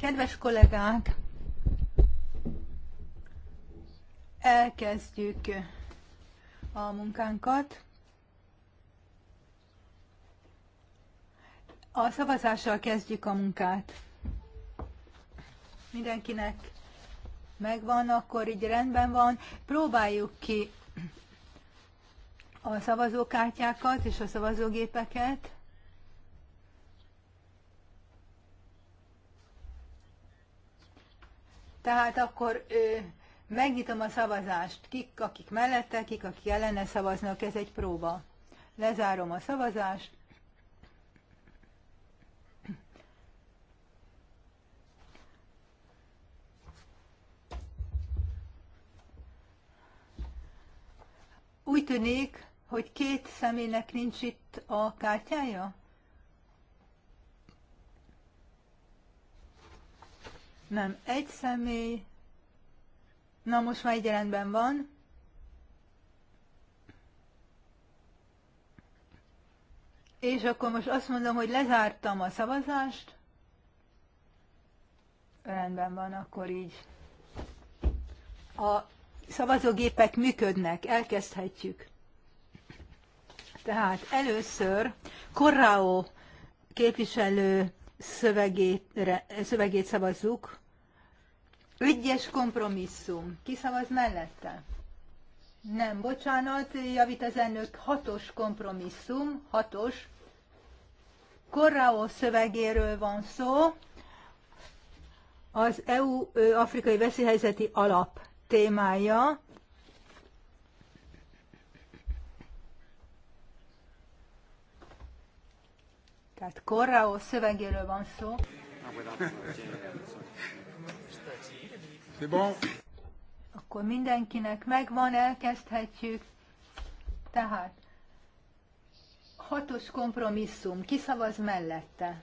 Kedves kollégák, elkezdjük a munkánkat. A szavazással kezdjük a munkát. Mindenkinek megvan, akkor így rendben van. Próbáljuk ki a szavazókártyákat és a szavazógépeket. Tehát akkor megnyitom a szavazást. Kik, akik mellette, kik, akik ellene szavaznak, ez egy próba. Lezárom a szavazást. Úgy tűnik, hogy két személynek nincs itt a kártyája? nem egy személy. Na, most már egy rendben van. És akkor most azt mondom, hogy lezártam a szavazást. Rendben van, akkor így. A szavazógépek működnek, elkezdhetjük. Tehát először Korráó képviselő szövegére, szövegét szavazzuk. Egyes kompromisszum. Ki szavaz mellette? Nem, bocsánat, javít az elnök hatos kompromisszum, hatos. Korraó szövegéről van szó, az EU-afrikai veszélyhelyzeti alap témája. Tehát korraó szövegéről van szó. Akkor mindenkinek megvan, elkezdhetjük. Tehát hatos kompromisszum, kiszavaz mellette.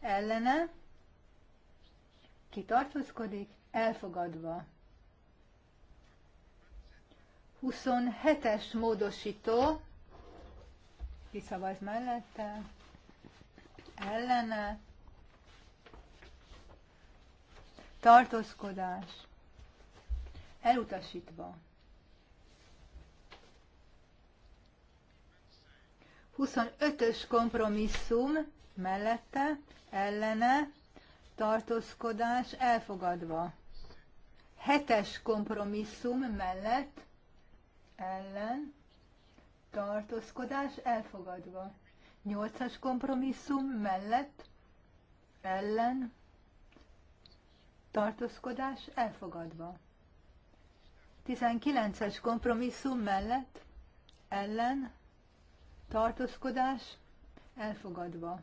Ellene, ki tartózkodik, elfogadva. 27-es módosító, szavaz mellette, ellene, tartózkodás, elutasítva. 25-ös kompromisszum mellette, ellene, tartózkodás elfogadva. 7-es kompromisszum mellett, ellen, tartózkodás elfogadva. Nyolcas kompromisszum mellett ellen tartózkodás elfogadva. Tizenkilences kompromisszum mellett ellen tartózkodás elfogadva.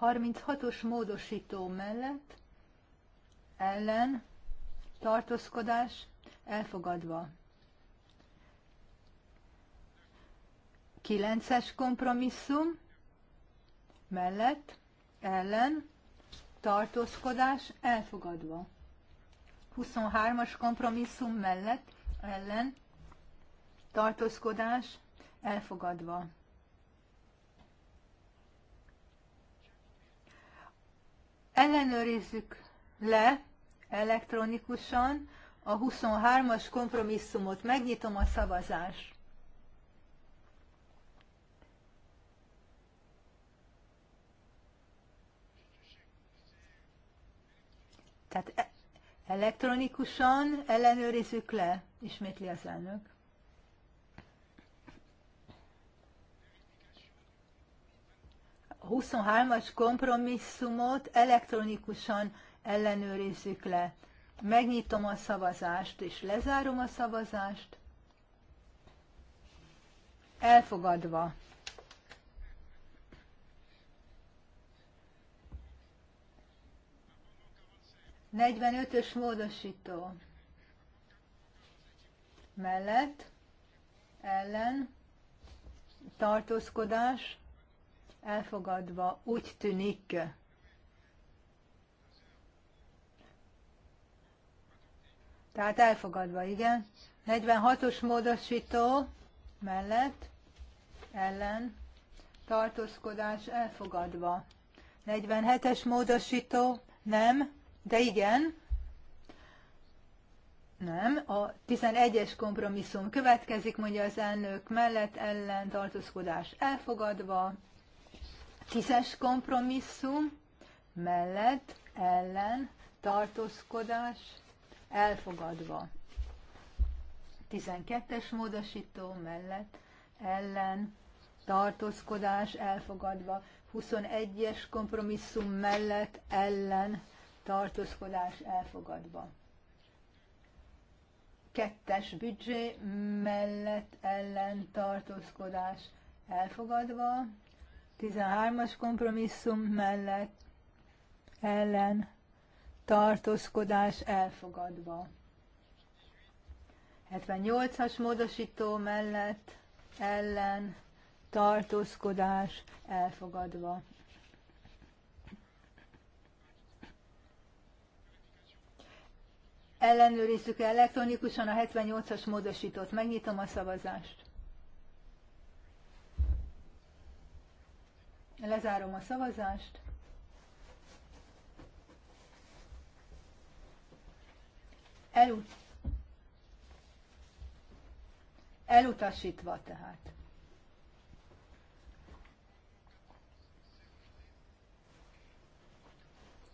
36-os módosító mellett ellen tartózkodás elfogadva. Kilences kompromisszum mellett ellen tartózkodás elfogadva. 23-as kompromisszum mellett ellen tartózkodás elfogadva. Ellenőrizzük le elektronikusan a 23-as kompromisszumot. Megnyitom a szavazást. Tehát e- elektronikusan ellenőrizzük le, ismétli az elnök. A 23-as kompromisszumot elektronikusan ellenőrizzük le. Megnyitom a szavazást, és lezárom a szavazást. Elfogadva. 45-ös módosító mellett ellen tartózkodás elfogadva úgy tűnik. Tehát elfogadva, igen. 46-os módosító mellett ellen tartózkodás elfogadva. 47-es módosító nem de igen, nem, a 11-es kompromisszum következik, mondja az elnök mellett ellen tartózkodás elfogadva. 10-es kompromisszum mellett ellen tartózkodás elfogadva. 12-es módosító mellett ellen tartózkodás elfogadva. 21-es kompromisszum mellett ellen tartózkodás elfogadva. Kettes büdzsé mellett ellen tartózkodás elfogadva. 13-as kompromisszum mellett ellen tartózkodás elfogadva. 78-as módosító mellett ellen tartózkodás elfogadva. ellenőrizzük elektronikusan a 78-as módosítót. Megnyitom a szavazást. Lezárom a szavazást. Elut elutasítva tehát.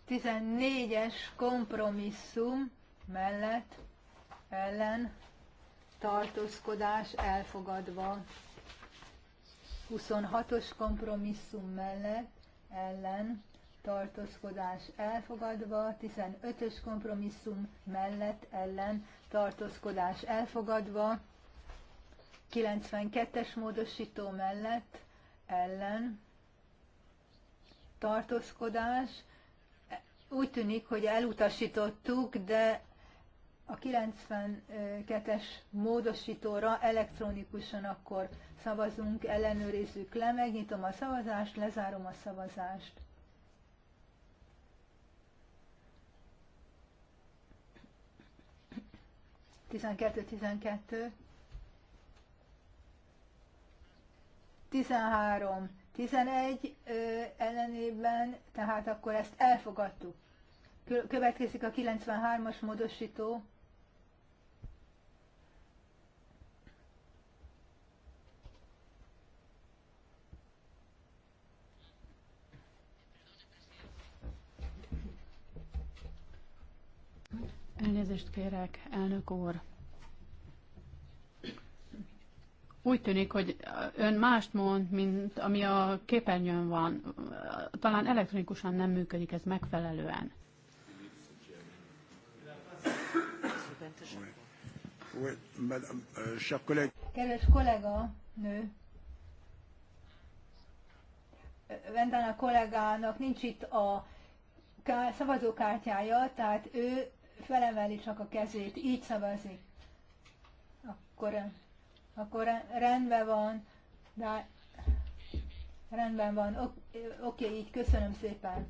Tizennégyes kompromisszum mellett ellen tartózkodás elfogadva. 26-os kompromisszum mellett ellen tartózkodás elfogadva, 15-ös kompromisszum mellett ellen tartózkodás elfogadva, 92-es módosító mellett ellen tartózkodás. Úgy tűnik, hogy elutasítottuk, de a 92-es módosítóra elektronikusan akkor szavazunk, ellenőrizzük le, megnyitom a szavazást, lezárom a szavazást. Tizenkettő, tizenkettő. tizenhárom tizenegy ellenében, tehát akkor ezt elfogadtuk. Következik a 93-as módosító Elnézést kérek, elnök úr. Úgy tűnik, hogy ön mást mond, mint ami a képernyőn van. Talán elektronikusan nem működik ez megfelelően. Kedves kollega, nő, Vendán a kollégának nincs itt a szavazókártyája, tehát ő felemeli csak a kezét, így szavazik, akkor, akkor rendben van, de rendben van, ok, oké, okay, így köszönöm szépen.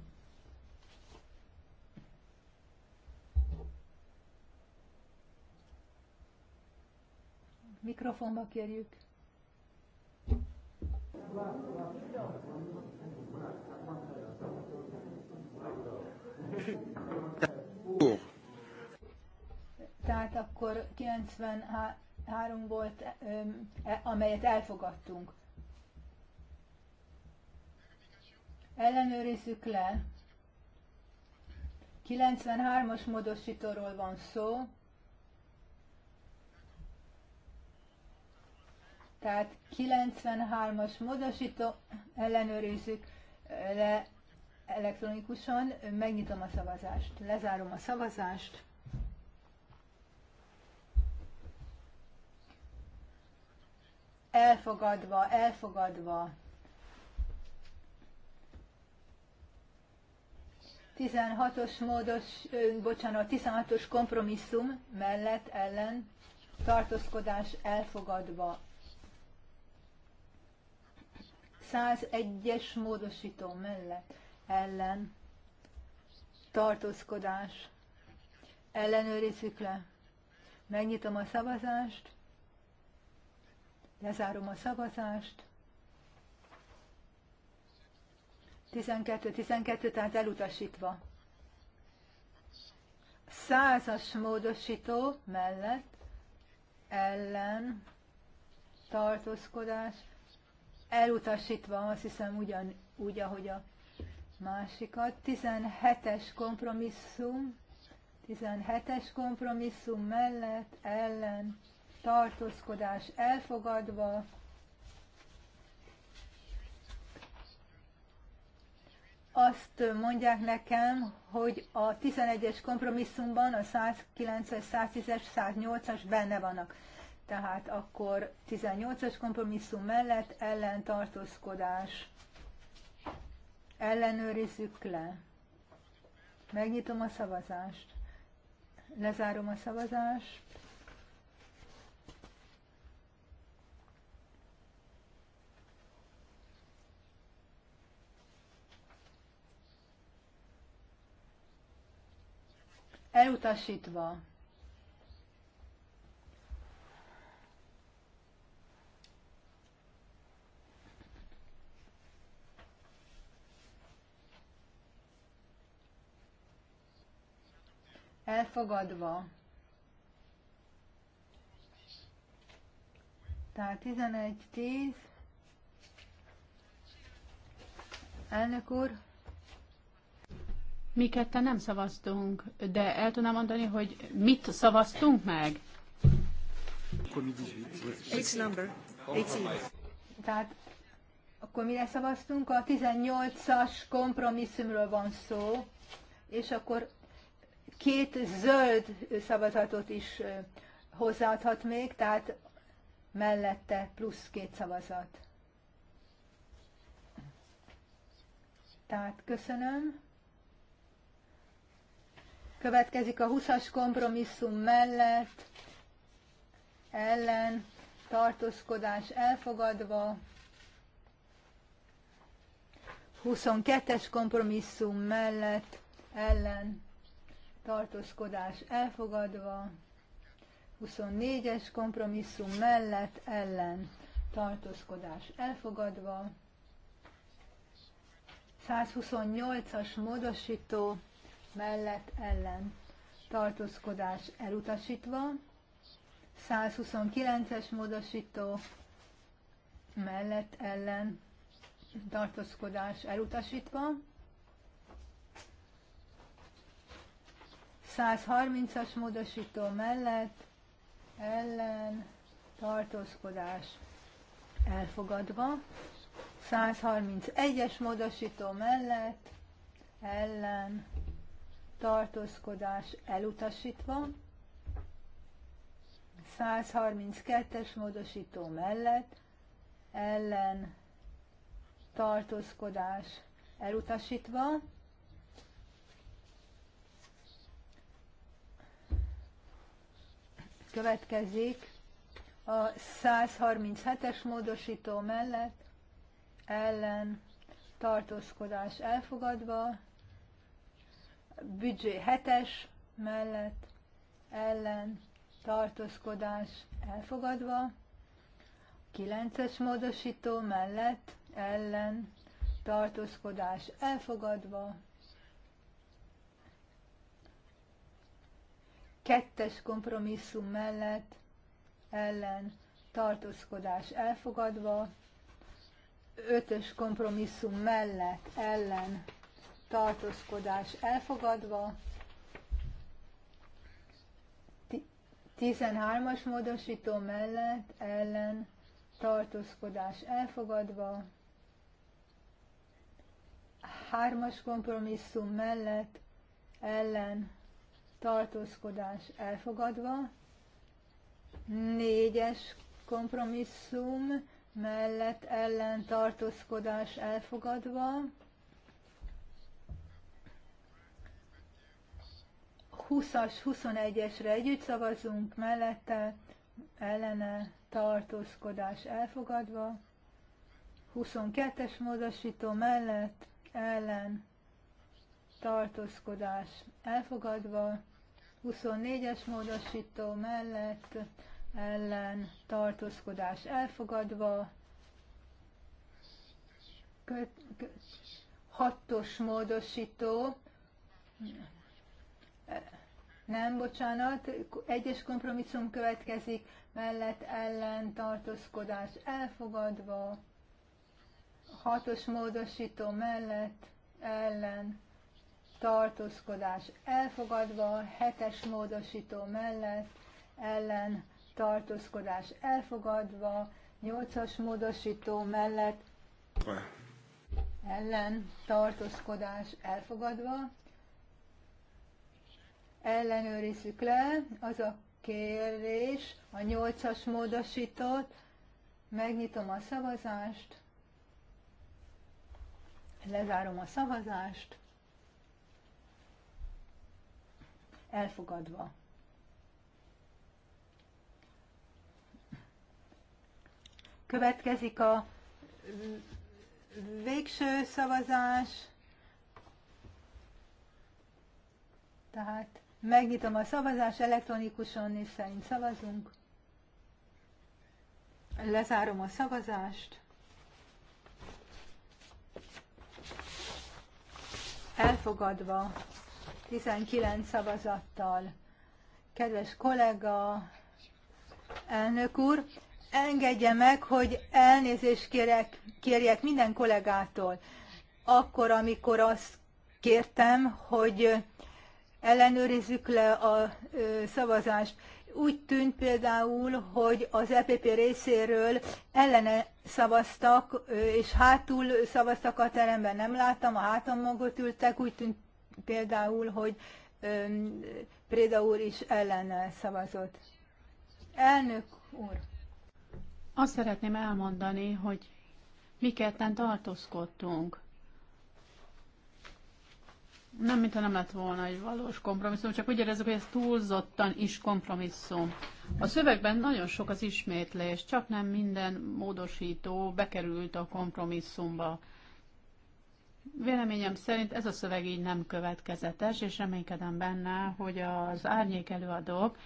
Mikrofonba kérjük. Wow, wow. tehát akkor 93 volt, e, amelyet elfogadtunk. Ellenőrizzük le. 93-as módosítóról van szó. Tehát 93-as módosító, ellenőrizzük le elektronikusan, megnyitom a szavazást, lezárom a szavazást. elfogadva, elfogadva. 16-os módos, bocsánat, 16-os kompromisszum mellett ellen tartózkodás elfogadva. 101-es módosító mellett ellen tartózkodás ellenőrizzük le. Megnyitom a szavazást. Lezárom a szavazást. 12-12, tehát elutasítva. Százas módosító mellett ellen tartózkodás elutasítva, azt hiszem ugyan, úgy, ahogy a másikat. 17-es kompromisszum, 17-es kompromisszum mellett ellen tartózkodás elfogadva, azt mondják nekem, hogy a 11-es kompromisszumban a 109-es, 110-es, 108-as benne vannak. Tehát akkor 18-as kompromisszum mellett ellentartózkodás. Ellenőrizzük le. Megnyitom a szavazást. Lezárom a szavazást. elutasítva. Elfogadva. Tehát 11-10. Elnök úr, mi ketten nem szavaztunk, de el tudnám mondani, hogy mit szavaztunk meg? It's number. Tehát akkor mire szavaztunk? A 18-as kompromisszumról van szó, és akkor két zöld szavazatot is hozzáadhat még, tehát mellette plusz két szavazat. Tehát köszönöm. Következik a 20-as kompromisszum mellett, ellen, tartózkodás elfogadva. 22-es kompromisszum mellett, ellen, tartózkodás elfogadva. 24-es kompromisszum mellett, ellen, tartózkodás elfogadva. 128-as módosító mellett ellen tartózkodás elutasítva, 129-es módosító mellett ellen tartózkodás elutasítva, 130-as módosító mellett ellen tartózkodás elfogadva, 131-es módosító mellett ellen tartózkodás elutasítva, 132-es módosító mellett ellen tartózkodás elutasítva, következik a 137-es módosító mellett ellen tartózkodás elfogadva, büdzsé hetes mellett ellen tartózkodás elfogadva, kilences módosító mellett ellen tartózkodás elfogadva, kettes kompromisszum mellett ellen tartózkodás elfogadva, ötös kompromisszum mellett ellen tartózkodás elfogadva, 13-as módosító mellett ellen tartózkodás elfogadva, 3-as kompromisszum mellett ellen tartózkodás elfogadva, 4-es kompromisszum mellett ellen tartózkodás elfogadva, 20-as, 21-esre együtt szavazunk, mellette, ellene, tartózkodás elfogadva, 22-es módosító mellett, ellen, tartózkodás elfogadva, 24-es módosító mellett, ellen, tartózkodás elfogadva, 6-os módosító, nem, bocsánat, egyes kompromisszum következik, mellett ellen tartózkodás elfogadva, hatos módosító mellett ellen tartózkodás elfogadva, hetes módosító mellett ellen tartózkodás elfogadva, nyolcas módosító mellett ellen tartózkodás elfogadva, ellenőrizzük le, az a kérés, a nyolcas módosított, megnyitom a szavazást, lezárom a szavazást, elfogadva. Következik a végső szavazás, tehát Megnyitom a szavazást elektronikusan, és szerint szavazunk. Lezárom a szavazást. Elfogadva 19 szavazattal. Kedves kollega, elnök úr, engedje meg, hogy elnézést kérek, kérjek minden kollégától. Akkor, amikor azt kértem, hogy ellenőrizzük le a szavazást. Úgy tűnt például, hogy az EPP részéről ellene szavaztak, és hátul szavaztak a teremben, nem láttam, a hátam mögött ültek, úgy tűnt például, hogy Préda úr is ellene szavazott. Elnök úr! Azt szeretném elmondani, hogy mi ketten tartózkodtunk nem, mintha nem lett volna egy valós kompromisszum, csak úgy érezzük, hogy ez túlzottan is kompromisszum. A szövegben nagyon sok az ismétlés, csak nem minden módosító bekerült a kompromisszumba. Véleményem szerint ez a szöveg így nem következetes, és reménykedem benne, hogy az árnyék előadók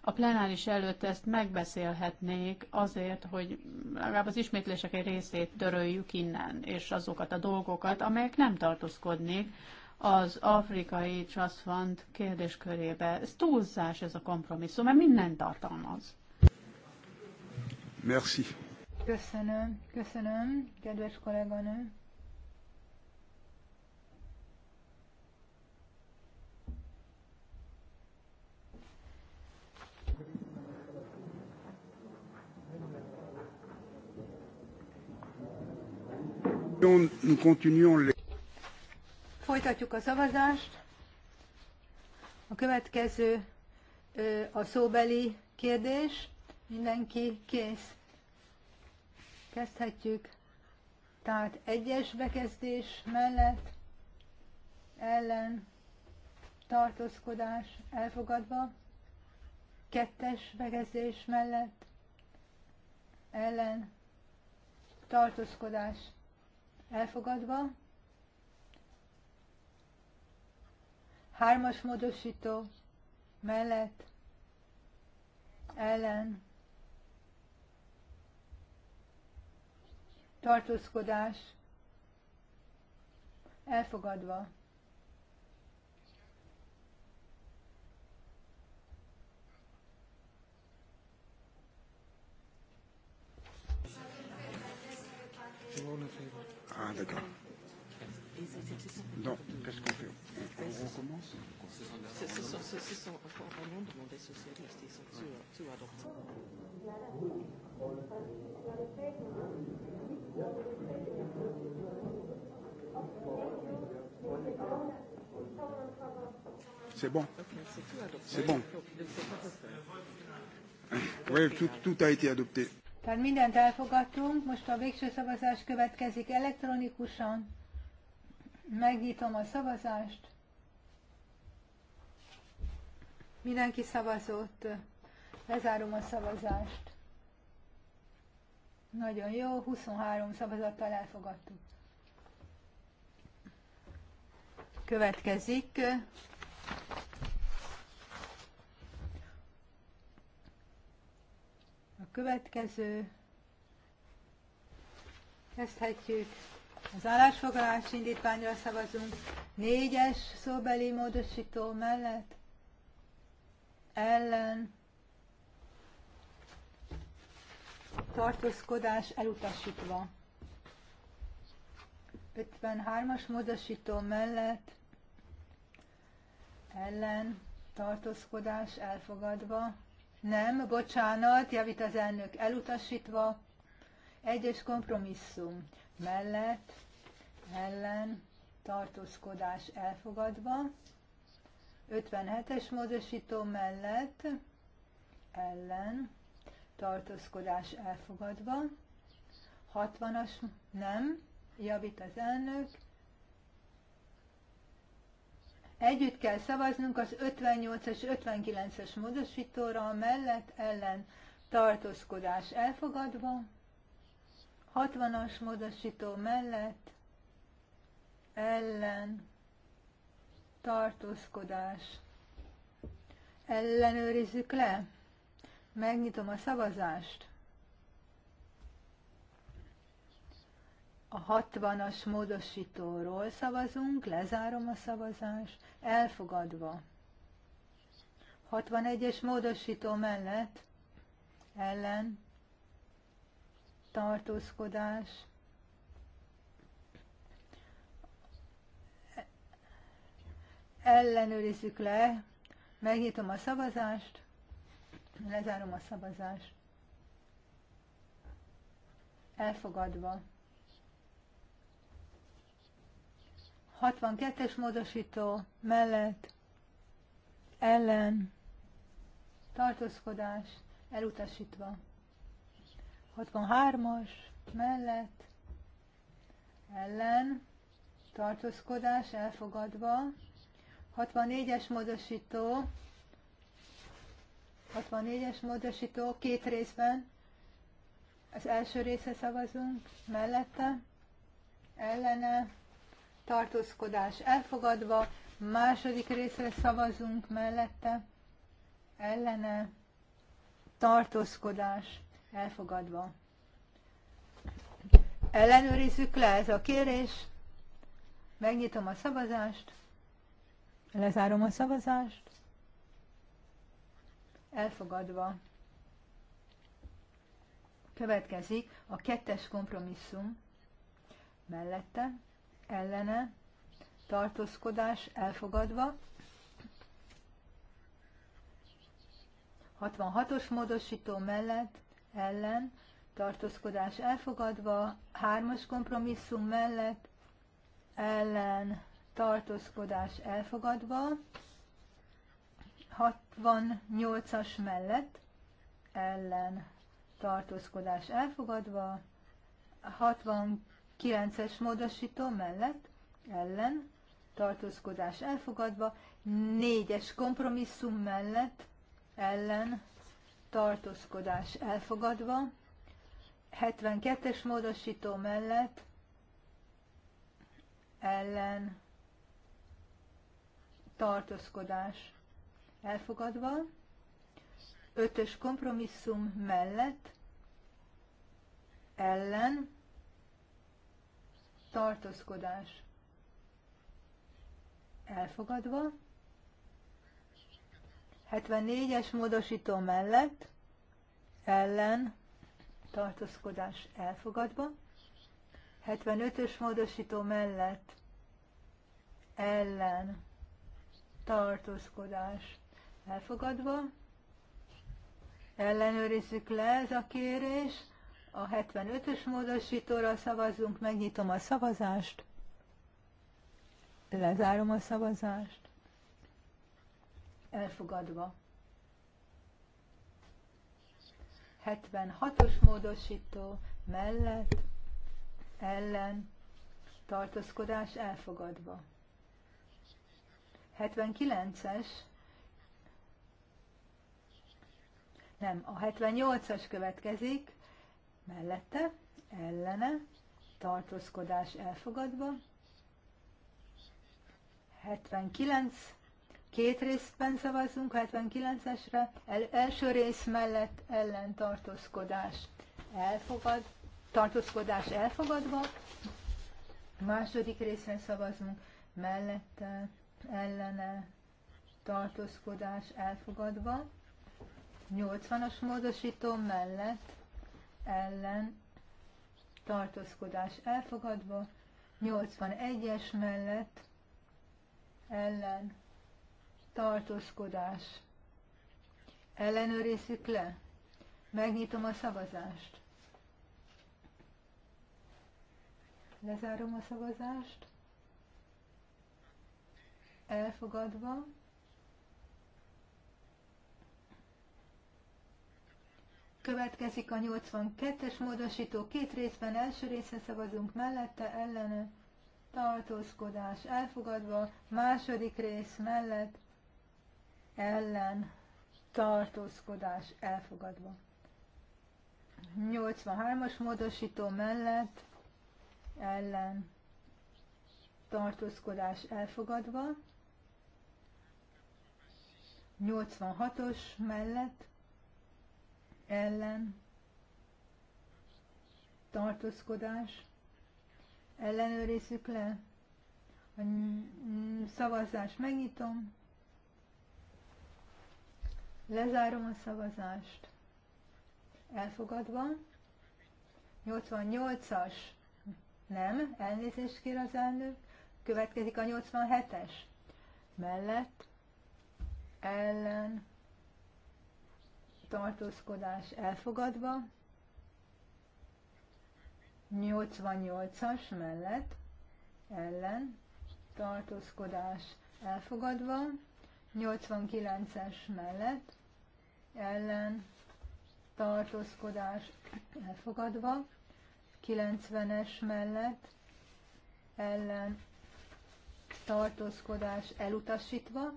a plenáris előtt ezt megbeszélhetnék azért, hogy legalább az ismétlések egy részét töröljük innen, és azokat a dolgokat, amelyek nem tartózkodnék az afrikai Trust Fund kérdéskörébe. Ez túlzás ez a kompromisszum, mert mindent tartalmaz. Merci. Köszönöm, köszönöm, kedves kolléganő. Nous continuons les... Folytatjuk a szavazást. A következő a szóbeli kérdés. Mindenki kész. Kezdhetjük. Tehát egyes bekezdés mellett ellen tartózkodás elfogadva, kettes bekezdés mellett ellen tartózkodás elfogadva, Hármas módosító mellett ellen tartózkodás elfogadva. Ah, d'accord. Non, qu'est-ce qu'on fait On recommence C'est bon. C'est bon. Oui, tout, tout a été adopté. Tehát mindent elfogadtunk, most a végső szavazás következik elektronikusan. Megnyitom a szavazást. Mindenki szavazott. Lezárom a szavazást. Nagyon jó, 23 szavazattal elfogadtuk. Következik. A következő. Kezdhetjük. Az állásfoglalás indítványra szavazunk. Négyes szóbeli módosító mellett ellen tartózkodás elutasítva. 53-as módosító mellett ellen tartózkodás elfogadva. Nem, bocsánat, javít az elnök elutasítva. Egyes kompromisszum mellett ellen tartózkodás elfogadva, 57-es módosító mellett ellen tartózkodás elfogadva, 60-as nem, javít az elnök, Együtt kell szavaznunk az 58 es 59-es módosítóra, mellett ellen tartózkodás elfogadva, 60-as módosító mellett ellen tartózkodás. Ellenőrizzük le. Megnyitom a szavazást. A 60-as módosítóról szavazunk, lezárom a szavazást, elfogadva. 61-es módosító mellett ellen tartózkodás. Ellenőrizzük le, megnyitom a szavazást, lezárom a szavazást. Elfogadva. 62-es módosító mellett ellen tartózkodás elutasítva. 63-as mellett ellen tartózkodás elfogadva. 64-es módosító 64-es módosító két részben. Az első része szavazunk mellette, ellene, tartózkodás elfogadva, második részre szavazunk mellette, ellene, tartózkodás elfogadva. Ellenőrizzük le ez a kérés. Megnyitom a szavazást. Lezárom a szavazást. Elfogadva. Következik a kettes kompromisszum. Mellette, ellene, tartózkodás elfogadva. 66-os módosító mellett ellen tartózkodás elfogadva, hármas kompromisszum mellett ellen tartózkodás elfogadva, 68-as mellett ellen tartózkodás elfogadva, 69-es módosító mellett ellen tartózkodás elfogadva, 4-es kompromisszum mellett ellen tartózkodás elfogadva, 72-es módosító mellett ellen tartózkodás elfogadva, 5-ös kompromisszum mellett ellen tartózkodás elfogadva, 74-es módosító mellett ellen tartózkodás elfogadva, 75-ös módosító mellett ellen tartózkodás elfogadva, ellenőrizzük le ez a kérés, a 75-ös módosítóra szavazzunk, megnyitom a szavazást, lezárom a szavazást, elfogadva. 76-os módosító mellett ellen tartózkodás elfogadva. 79-es nem, a 78-as következik, mellette, ellene, tartózkodás elfogadva, 79 Két részben szavazunk, 79-esre, el, első rész mellett ellen tartózkodás elfogad, tartózkodás elfogadva, második részre szavazunk, mellette ellene tartózkodás elfogadva, 80-as módosító mellett ellen tartózkodás elfogadva, 81-es mellett ellen tartózkodás. Ellenőrizzük le. Megnyitom a szavazást. Lezárom a szavazást. Elfogadva. Következik a 82-es módosító. Két részben első része szavazunk mellette, ellene tartózkodás elfogadva, második rész mellett ellen tartózkodás elfogadva. 83-as módosító mellett ellen tartózkodás elfogadva. 86-os mellett ellen tartózkodás ellenőrizzük le. A szavazást megnyitom. Lezárom a szavazást. Elfogadva. 88-as. Nem, elnézést kér az elnök. Következik a 87-es. Mellett. Ellen. Tartózkodás elfogadva. 88-as mellett ellen tartózkodás elfogadva, 89-es mellett ellen tartózkodás elfogadva, 90-es mellett ellen tartózkodás elutasítva,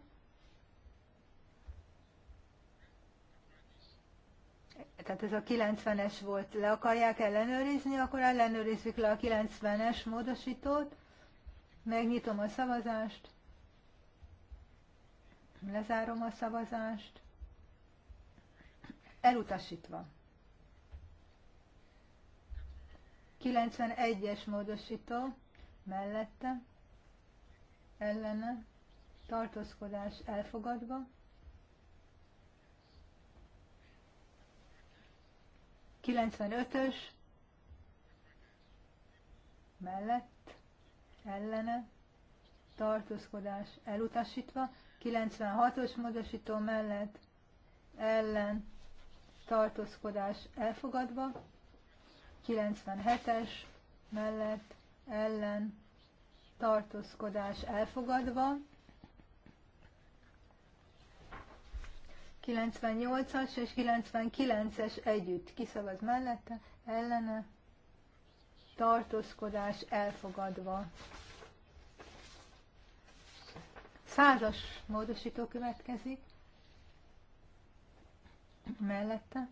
tehát ez a 90-es volt, le akarják ellenőrizni, akkor ellenőrizzük le a 90-es módosítót, megnyitom a szavazást, lezárom a szavazást, elutasítva. 91-es módosító mellette, ellene, tartózkodás elfogadva. Kilencvenötös mellett, ellene, tartózkodás elutasítva, 96-os módosító mellett, ellen, tartózkodás elfogadva, 97-es mellett ellen tartózkodás elfogadva, 98-as és 99-es együtt kiszavaz mellette, ellene tartózkodás elfogadva. Százas módosító következik mellette,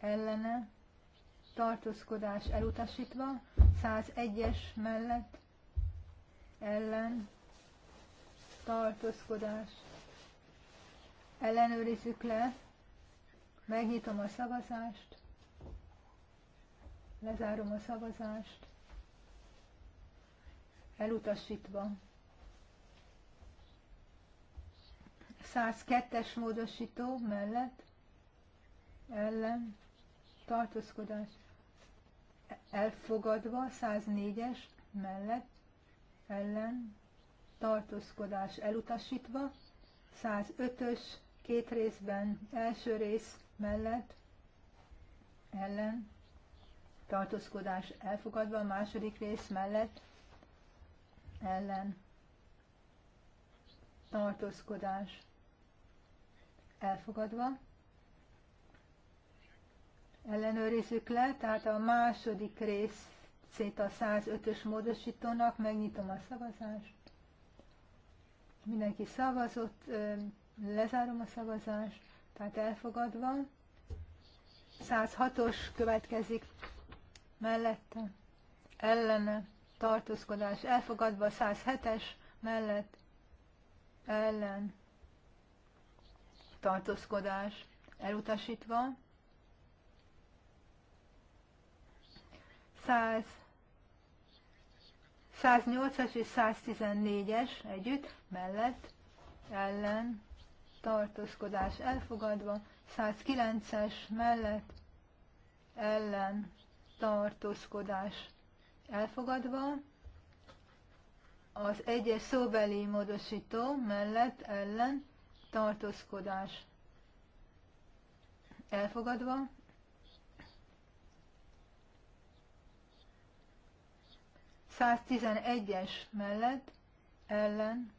ellene, tartózkodás elutasítva, 101-es mellett, ellen, tartózkodás, ellenőrizzük le, megnyitom a szavazást, lezárom a szavazást, elutasítva. 102-es módosító mellett ellen tartózkodás elfogadva, 104-es mellett ellen tartózkodás elutasítva, 105-ös két részben első rész mellett ellen tartózkodás elfogadva, második rész mellett ellen tartózkodás elfogadva, ellenőrizzük le, tehát a második rész szét a 105-ös módosítónak, megnyitom a szavazást. Mindenki szavazott, lezárom a szavazást, tehát elfogadva. 106-os következik mellette, ellene, tartózkodás elfogadva, 107-es mellett, ellen, tartózkodás elutasítva. 100, 108-as és 114-es együtt, mellett, ellen, tartózkodás elfogadva, 109-es mellett, ellen, tartózkodás elfogadva, az egyes szóbeli módosító mellett, ellen, tartózkodás elfogadva, 111-es mellett ellen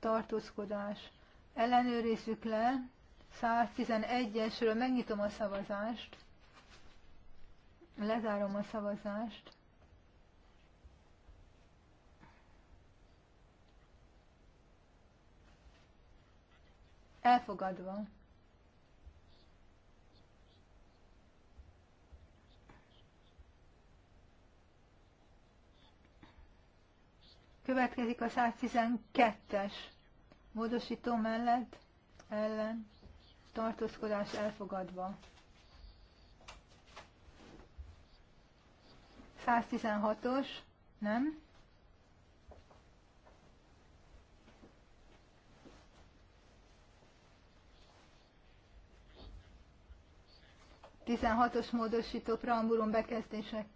tartózkodás. Ellenőrizzük le. 111-esről megnyitom a szavazást. Lezárom a szavazást. Elfogadva. Következik a 112-es módosító mellett ellen tartózkodás elfogadva. 116-os, nem? Tizenhatos módosító, preambulum bekezdések,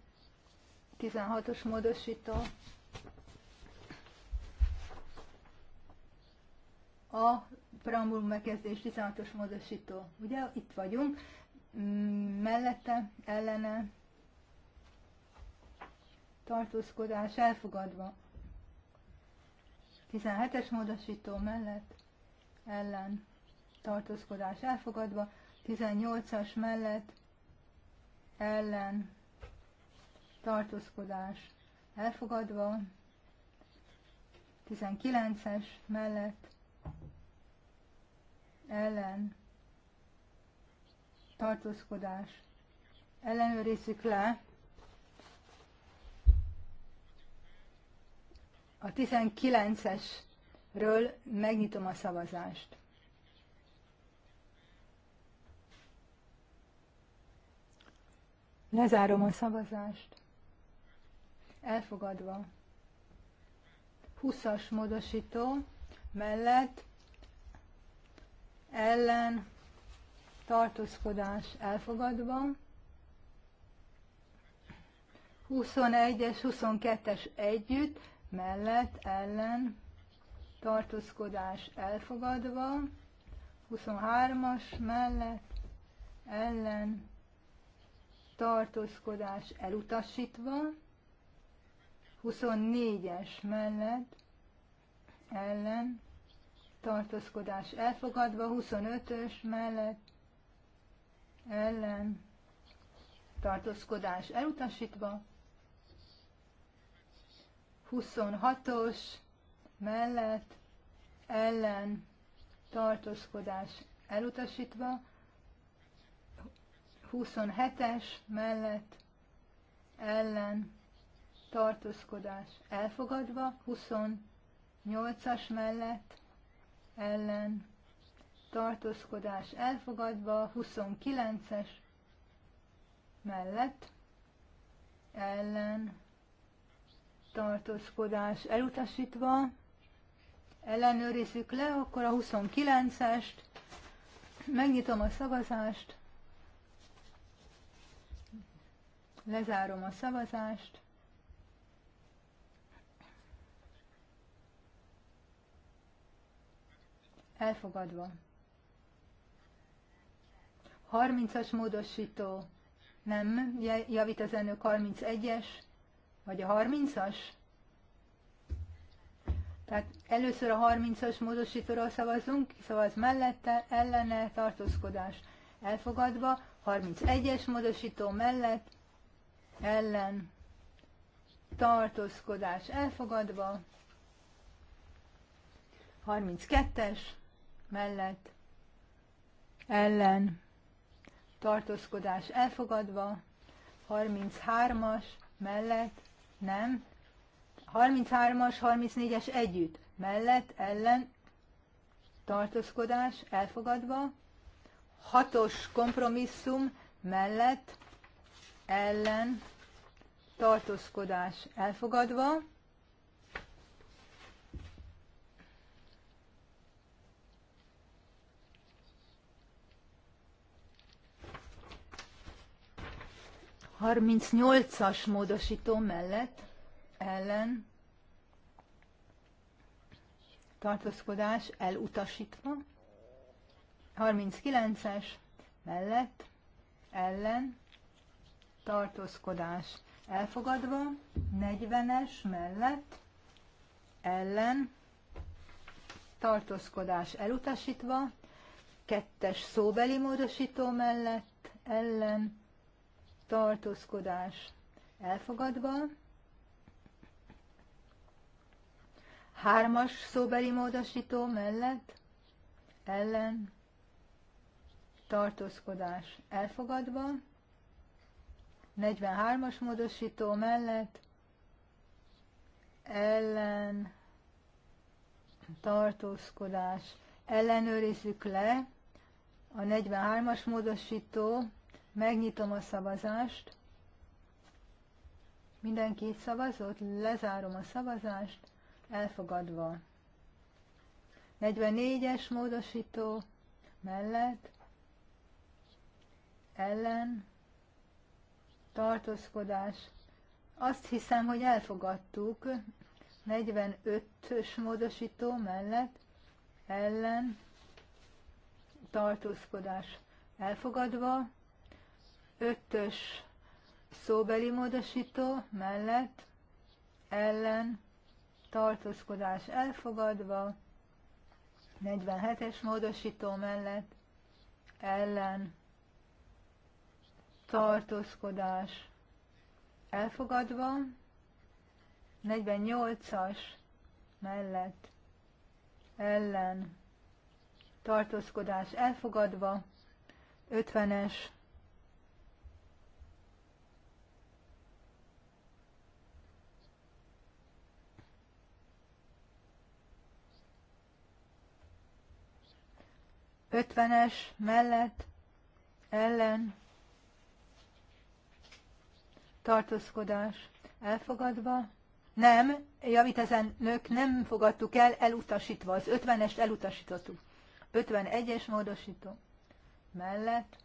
tizenhatos módosító. a preambulum megkezdés 16-os módosító. Ugye itt vagyunk, mm, mellette, ellene, tartózkodás elfogadva. 17-es módosító mellett, ellen, tartózkodás elfogadva. 18-as mellett, ellen, tartózkodás elfogadva. 19-es mellett, ellen tartózkodás. Ellenőrizzük le a 19-esről megnyitom a szavazást. Lezárom a szavazást. Elfogadva. 20-as módosító mellett ellen tartózkodás elfogadva, 21-es, 22-es együtt, mellett, ellen, tartózkodás elfogadva, 23-as mellett, ellen, tartózkodás elutasítva, 24-es mellett, ellen, tartózkodás elfogadva, 25-ös mellett ellen tartózkodás elutasítva, 26-os mellett ellen tartózkodás elutasítva, 27-es mellett ellen tartózkodás elfogadva, 28-as mellett ellen tartózkodás elfogadva, 29-es mellett ellen tartózkodás elutasítva, ellenőrizzük le, akkor a 29-est, megnyitom a szavazást, lezárom a szavazást, elfogadva. 30-as módosító, nem, javít az elnök 31-es, vagy a 30-as? Tehát először a 30-as módosítóról szavazunk, szavaz mellette, ellene, tartózkodás elfogadva, 31-es módosító mellett, ellen, tartózkodás elfogadva, 32-es mellett ellen tartózkodás elfogadva, 33-as mellett nem, 33-as, 34-es együtt mellett ellen tartózkodás elfogadva, 6-os kompromisszum mellett ellen tartózkodás elfogadva, 38-as módosító mellett ellen tartózkodás elutasítva, 39-es mellett ellen tartózkodás elfogadva, 40-es mellett ellen tartózkodás elutasítva, kettes szóbeli módosító mellett ellen tartózkodás elfogadva, hármas szóbeli módosító mellett, ellen, tartózkodás elfogadva, 43-as módosító mellett, ellen, tartózkodás ellenőrizzük le, a 43-as módosító Megnyitom a szavazást. Mindenki szavazott, lezárom a szavazást, elfogadva. 44-es módosító mellett, ellen, tartózkodás. Azt hiszem, hogy elfogadtuk. 45-ös módosító mellett, ellen, tartózkodás elfogadva ötös szóbeli módosító mellett ellen tartózkodás elfogadva, 47-es módosító mellett ellen tartózkodás elfogadva, 48-as mellett ellen tartózkodás elfogadva, 50-es 50-es mellett ellen tartózkodás elfogadva. Nem, javít ezen nők, nem fogadtuk el, elutasítva. Az 50-est elutasítottuk. 51-es módosító mellett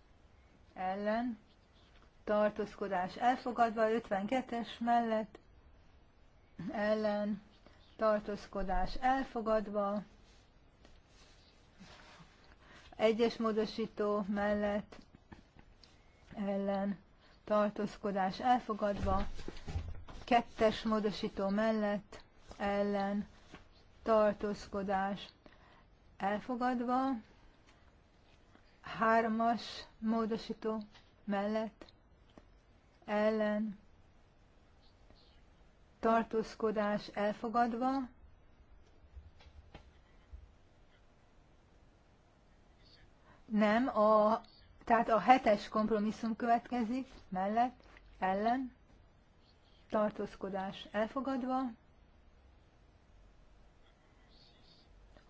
ellen tartózkodás elfogadva, 52-es mellett ellen tartózkodás elfogadva, egyes módosító mellett ellen tartózkodás elfogadva, kettes módosító mellett ellen tartózkodás elfogadva, hármas módosító mellett ellen tartózkodás elfogadva, Nem, a, tehát a hetes kompromisszum következik, mellett, ellen, tartózkodás elfogadva,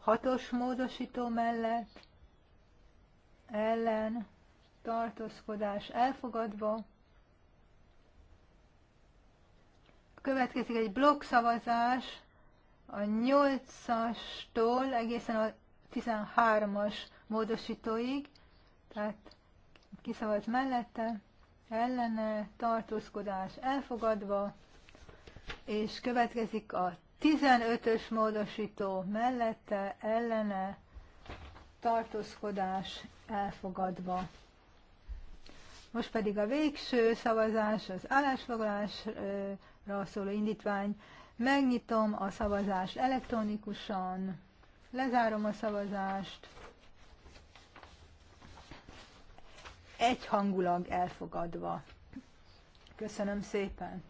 hatos módosító mellett, ellen, tartózkodás elfogadva, következik egy blokkszavazás a 8-astól egészen a 13-as módosítóig, tehát kiszavaz mellette, ellene, tartózkodás elfogadva, és következik a 15-ös módosító mellette, ellene, tartózkodás elfogadva. Most pedig a végső szavazás, az állásfoglalásra szóló indítvány. Megnyitom a szavazást elektronikusan, lezárom a szavazást. egyhangulag elfogadva. Köszönöm szépen!